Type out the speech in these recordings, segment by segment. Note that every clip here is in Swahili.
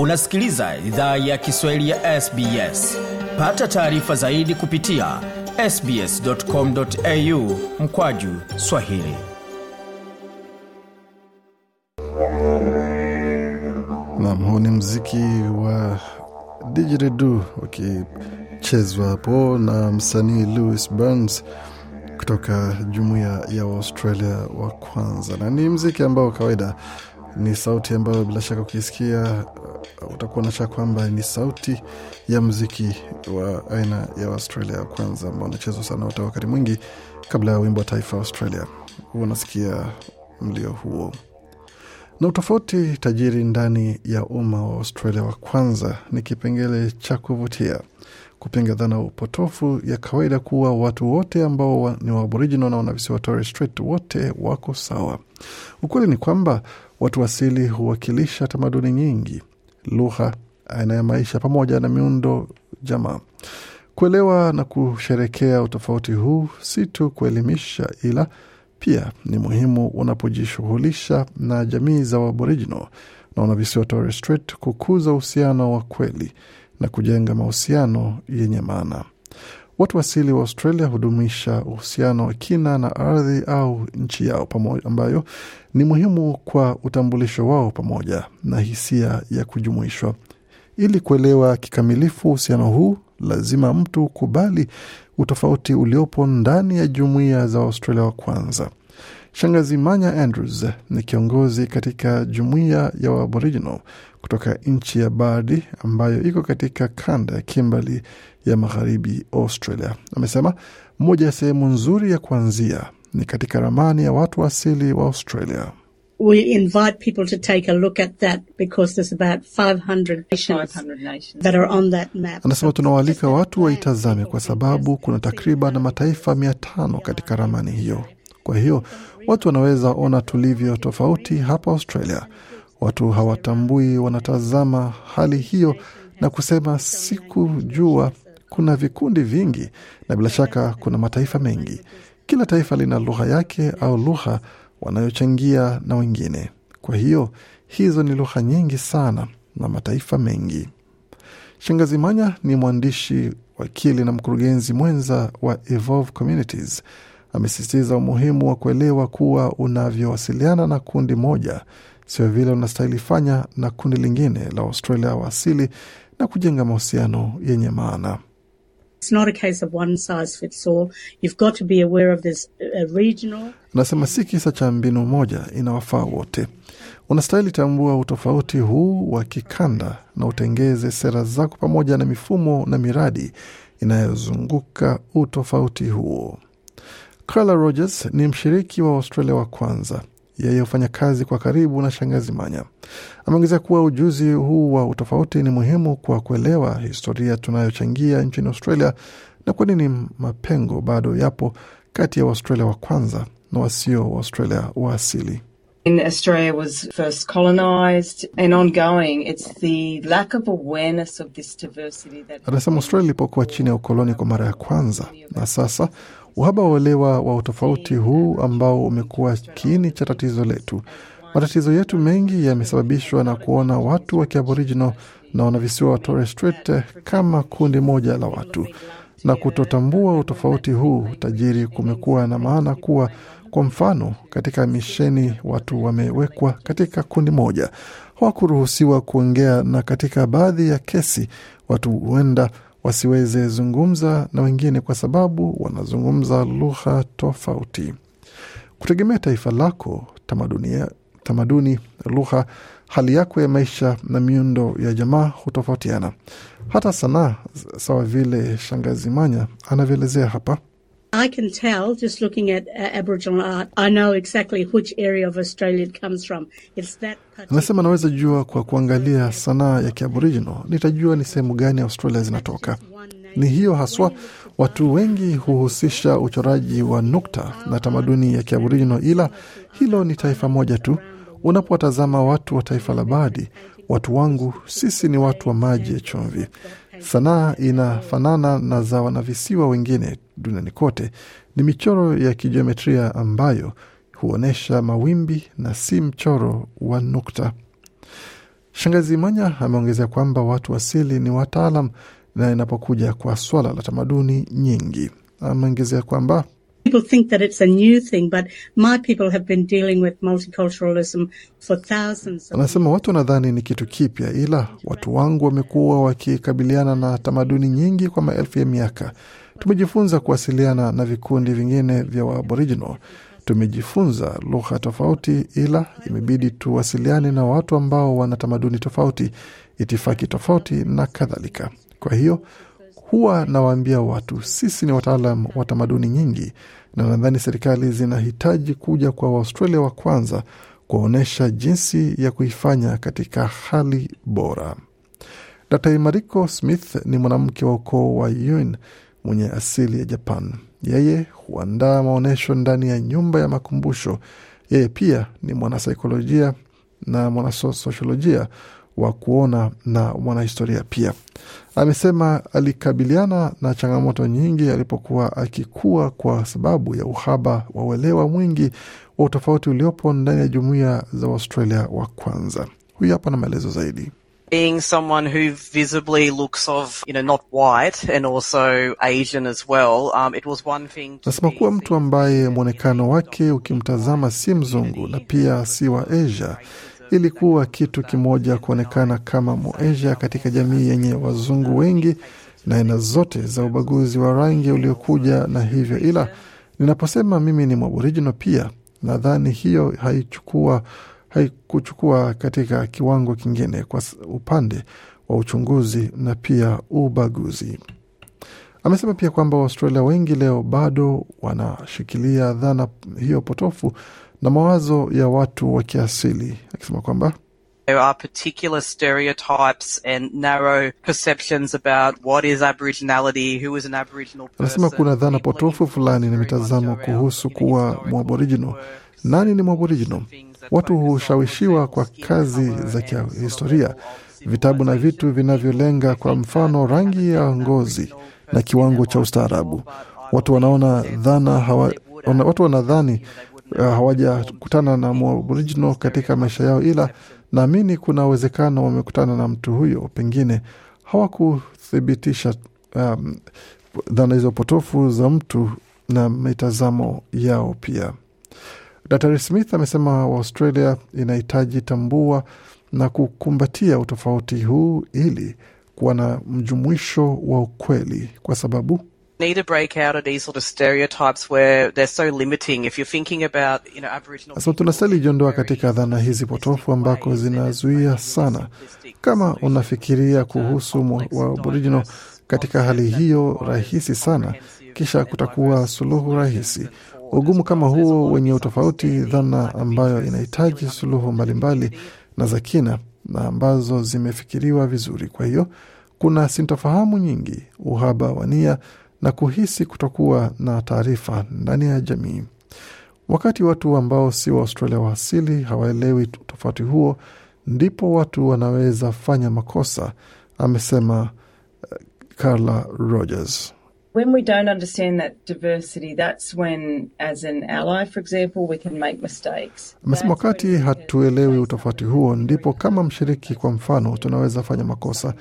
unasikiliza idhaa ya kiswahili ya sbs pata taarifa zaidi kupitia sbscomau mkwaju swahili nam huu ni mziki wa dijiridu wakichezwa hapo na msanii louis burns kutoka jumuiya ya australia wa kwanza na ni mziki ambao kawaida ni sauti ambayo bila shaka ukisikia uh, utakuwa na shaka kwamba ni sauti ya mziki wa aina ya Australia ya kwanza ambao unachezwa sana hata wakati mwingi kabla ya wimbo wa taifa Australia. Huwa unasikia mlio huo na utofauti tajiri ndani ya umma wa Australia wa kwanza ni kipengele cha kuvutia kupinga dhana upotofu ya kawaida kuwa watu wote ambao wa, ni Waaboriginal na wanavisiwa Torres Strait wote wako sawa. Ukweli ni kwamba Watu asili huwakilisha tamaduni nyingi, lugha, aina ya maisha pamoja na miundo jamaa. Kuelewa na kusherekea utofauti huu si tu kuelimisha, ila pia ni muhimu unapojishughulisha na jamii za Aboriginal na wanavisiwa Torres Strait kukuza uhusiano wa kweli na kujenga mahusiano yenye maana. Watu wasili wa Australia hudumisha uhusiano wa kina na ardhi au nchi yao pamoja, ambayo ni muhimu kwa utambulisho wao pamoja na hisia ya kujumuishwa. Ili kuelewa kikamilifu uhusiano huu, lazima mtu kubali utofauti uliopo ndani ya jumuiya za Australia wa kwanza. Shangazi Manya Andrews ni kiongozi katika jumuiya ya Aboriginal kutoka nchi ya Bardi ambayo iko katika kanda ya Kimberley ya magharibi Australia. Amesema moja ya sehemu nzuri ya kuanzia ni katika ramani ya watu asili wa Australia. We invite people to take a look at that because there's about 500 nations, that are on that map. Anasema tunawaalika watu waitazame kwa sababu kuna takriban mataifa mia tano katika ramani hiyo. Kwa hiyo watu wanaweza ona tulivyo tofauti hapa Australia. Watu hawatambui, wanatazama hali hiyo na kusema sikujua kuna vikundi vingi na bila shaka kuna mataifa mengi. Kila taifa lina lugha yake au lugha wanayochangia na wengine. Kwa hiyo hizo ni lugha nyingi sana na mataifa mengi. Shangazi Manya ni mwandishi, wakili na mkurugenzi mwenza wa Evolve Communities. Amesisitiza umuhimu wa kuelewa kuwa unavyowasiliana na kundi moja sio vile unastahili fanya na kundi lingine la Australia wa asili na kujenga mahusiano yenye maana. Anasema uh, uh, si kisa cha mbinu moja inawafaa wote. Unastahili tambua utofauti huu wa kikanda na utengeze sera zako pamoja na mifumo na miradi inayozunguka utofauti huo. Carla Rogers ni mshiriki wa Australia wa kwanza yaliyofanya kazi kwa karibu na shangazi Manya. ameongezea kuwa ujuzi huu wa utofauti ni muhimu kwa kuelewa historia tunayochangia nchini Australia na kwa nini mapengo bado yapo kati ya Waustralia wa kwanza na wasio Waustralia wa asili. In Australia was first colonized and ongoing it's the lack of awareness of this diversity that Anasema Australia ilipokuwa chini ya ukoloni kwa mara ya kwanza na sasa Uhaba wa uelewa wa utofauti huu ambao umekuwa kiini cha tatizo letu. Matatizo yetu mengi yamesababishwa na kuona watu wa Kiaboriginal na wanavisiwa wa Torres Strait kama kundi moja la watu na kutotambua utofauti huu tajiri kumekuwa na maana kuwa, kwa mfano, katika misheni watu wamewekwa katika kundi moja, hawakuruhusiwa kuongea, na katika baadhi ya kesi watu huenda wasiweze zungumza na wengine kwa sababu wanazungumza lugha tofauti. Kutegemea taifa lako, tamaduni, tamaduni lugha, hali yako ya maisha na miundo ya jamaa hutofautiana. Hata sanaa sawa vile shangazi Manya anavyoelezea hapa I can tell just looking at uh, Aboriginal art, I know exactly which area of Australia it comes from. It's that Anasema naweza jua kwa kuangalia sanaa ya Kiaboriginal, nitajua ni sehemu gani Australia zinatoka. Ni hiyo haswa. Watu wengi huhusisha uchoraji wa nukta na tamaduni ya Kiaboriginal, ila hilo ni taifa moja tu. Unapowatazama watu wa taifa la Baadi, watu wangu, sisi ni watu wa maji ya chumvi. Sanaa inafanana na za wanavisiwa wengine duniani kote, ni michoro ya kijiometria ambayo huonyesha mawimbi na si mchoro wa nukta. Shangazi Manya ameongezea kwamba watu asili ni wataalam na inapokuja kwa swala la tamaduni nyingi. Ameongezea kwamba People think that it's a new thing, but my people have been dealing with multiculturalism for thousands. Anasema watu wanadhani ni kitu kipya, ila watu wangu wamekuwa wakikabiliana na tamaduni nyingi kwa maelfu ya miaka. Tumejifunza kuwasiliana na vikundi vingine vya Aboriginal, tumejifunza lugha tofauti, ila imebidi tuwasiliane na watu ambao wana tamaduni tofauti, itifaki tofauti na kadhalika. Kwa hiyo Huwa nawaambia watu sisi ni wataalam wa tamaduni nyingi, na nadhani serikali zinahitaji kuja kwa Waustralia wa kwanza kuwaonyesha jinsi ya kuifanya katika hali bora. Dr. Mariko Smith ni mwanamke wa ukoo wa Yuin mwenye asili ya Japan. Yeye huandaa maonyesho ndani ya nyumba ya makumbusho. Yeye pia ni mwanasaikolojia na mwanasosiolojia wa kuona na mwanahistoria pia. Amesema alikabiliana na changamoto nyingi alipokuwa akikua kwa sababu ya uhaba wa uelewa mwingi wa utofauti uliopo ndani ya jumuiya za Waustralia wa kwanza. Huyu hapa na maelezo zaidi. Being someone who visibly looks of, you know, not white and also Asian as well, um, it was one thing to nasema kuwa mtu ambaye mwonekano wake ukimtazama si mzungu na pia si wa Asia ilikuwa kitu kimoja kuonekana kama Mwasia katika jamii yenye wazungu wengi na aina zote za ubaguzi wa rangi uliokuja na hivyo, ila ninaposema mimi ni mwaborijino pia nadhani hiyo haichukua haikuchukua katika kiwango kingine kwa upande wa uchunguzi na pia ubaguzi. Amesema pia kwamba Waustralia wengi leo bado wanashikilia dhana hiyo potofu na mawazo ya watu wa kiasili akisema kwamba There are particular stereotypes and narrow perceptions about what is Aboriginality, who is an Aboriginal person. Anasema kuna dhana potofu fulani na mitazamo kuhusu kuwa mwaborijino, nani ni mwaborijino. Watu hushawishiwa kwa kazi za kihistoria, vitabu na vitu vinavyolenga, kwa mfano, rangi ya ngozi na kiwango cha ustaarabu. Watu wanaona dhana hawa, watu wanadhani Eh, hawajakutana na Aboriginal katika maisha yao, ila naamini kuna uwezekano wamekutana na mtu huyo, pengine hawakuthibitisha um, dhana hizo potofu za mtu na mitazamo yao. Pia Dr. Smith amesema Australia inahitaji tambua na kukumbatia utofauti huu ili kuwa na mjumuisho wa ukweli, kwa sababu need to break out of these sort of stereotypes where they're so limiting. If you're thinking about, you know, Aboriginal Sasa tunastahili jiondoa katika dhana hizi potofu ambako zinazuia sana. Kama unafikiria uh, kuhusu wa Aboriginal katika hali hiyo rahisi sana, kisha kutakuwa suluhu rahisi. Ugumu kama huo wenye utofauti, dhana ambayo inahitaji suluhu mbalimbali na za kina na ambazo zimefikiriwa vizuri. Kwa hiyo kuna sintofahamu nyingi, uhaba wa nia na kuhisi kutokuwa na taarifa ndani ya jamii. Wakati watu ambao si waaustralia wa asili hawaelewi tofauti huo, ndipo watu wanaweza fanya makosa, amesema eh, Carla Rogers when we don't understand that diversity, that's when, as an ally, for example, we can make mistakes. Amesema wakati hatuelewi utofauti huo, ndipo kama mshiriki, kwa mfano, tunaweza fanya makosa.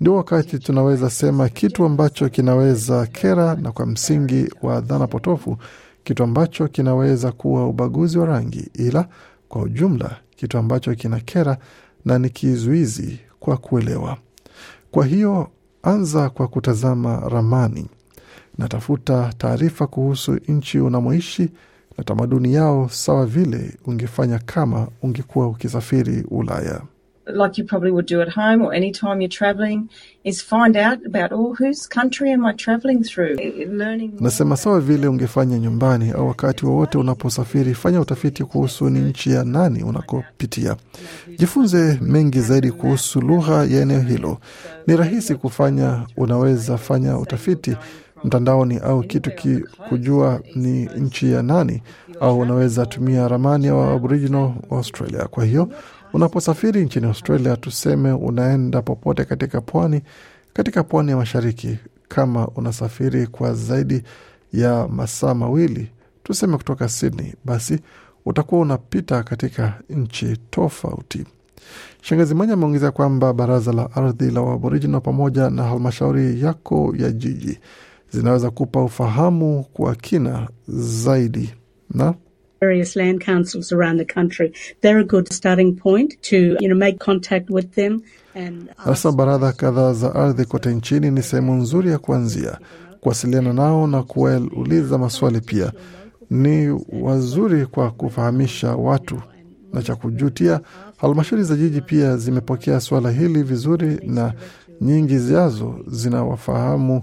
Ndio wakati tunaweza sema kitu ambacho kinaweza kera, na kwa msingi wa dhana potofu, kitu ambacho kinaweza kuwa ubaguzi wa rangi, ila kwa ujumla, kitu ambacho kina kera na ni kizuizi kwa kuelewa. Kwa hiyo anza kwa kutazama ramani Natafuta taarifa kuhusu nchi unamoishi na tamaduni yao, sawa vile ungefanya kama ungekuwa ukisafiri Ulaya. Like you probably would do at home or any time you're traveling is find out about all whose country am I traveling through. Learning... Nasema sawa vile ungefanya nyumbani au wakati wowote unaposafiri, fanya utafiti kuhusu ni nchi ya nani unakopitia. Jifunze mengi zaidi kuhusu lugha ya eneo hilo. Ni rahisi kufanya, unaweza fanya utafiti mtandaoni au kitu ki kujua ni nchi ya nani, au unaweza tumia ramani ya Aboriginal Australia. Kwa hiyo unaposafiri nchini Australia, tuseme unaenda popote katika pwani, katika pwani ya mashariki, kama unasafiri kwa zaidi ya masaa mawili, tuseme kutoka Sydney, basi utakuwa unapita katika nchi tofauti. Shangazi Mwanya ameongeza kwamba baraza la ardhi la Aboriginal pamoja na halmashauri yako ya jiji zinaweza kupa ufahamu kwa kina zaidi na various land councils around the country. They're a good starting point to, you know, make contact with them. Hasa baradha kadhaa za ardhi kote nchini ni sehemu nzuri ya kuanzia kuwasiliana nao na kuwauliza maswali. Pia ni wazuri kwa kufahamisha watu na cha kujutia. Halmashauri za jiji pia zimepokea swala hili vizuri, na nyingi zazo zinawafahamu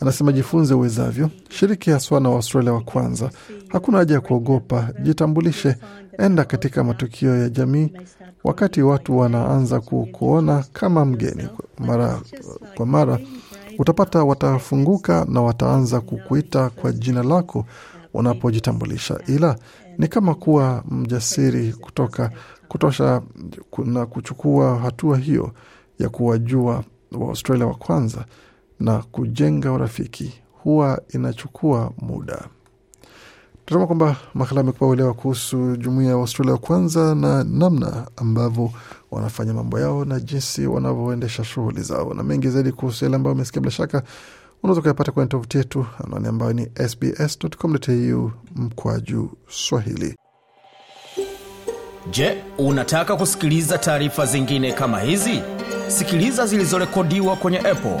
Anasema jifunze uwezavyo, shiriki haswa na Waustralia wa kwanza. Hakuna haja ya kuogopa, jitambulishe, enda katika matukio ya jamii. Wakati watu wanaanza kukuona kama mgeni mara kwa mara, utapata watafunguka na wataanza kukuita kwa jina lako unapojitambulisha, ila ni kama kuwa mjasiri kutoka kutosha na kuchukua hatua hiyo ya kuwajua Waaustralia wa kwanza na kujenga urafiki huwa inachukua muda. Tunasema kwamba makala amekupa uelewa kuhusu jumuiya ya Australia wa kwanza na namna ambavyo wanafanya mambo yao na jinsi wanavyoendesha shughuli zao, na mengi zaidi kuhusu yale ambayo umesikia, bila shaka unaweza kuyapata kwenye tovuti yetu, anwani ambayo ni sbs.com.au mkwaju Swahili. Je, unataka kusikiliza taarifa zingine kama hizi? Sikiliza zilizorekodiwa kwenye Apple,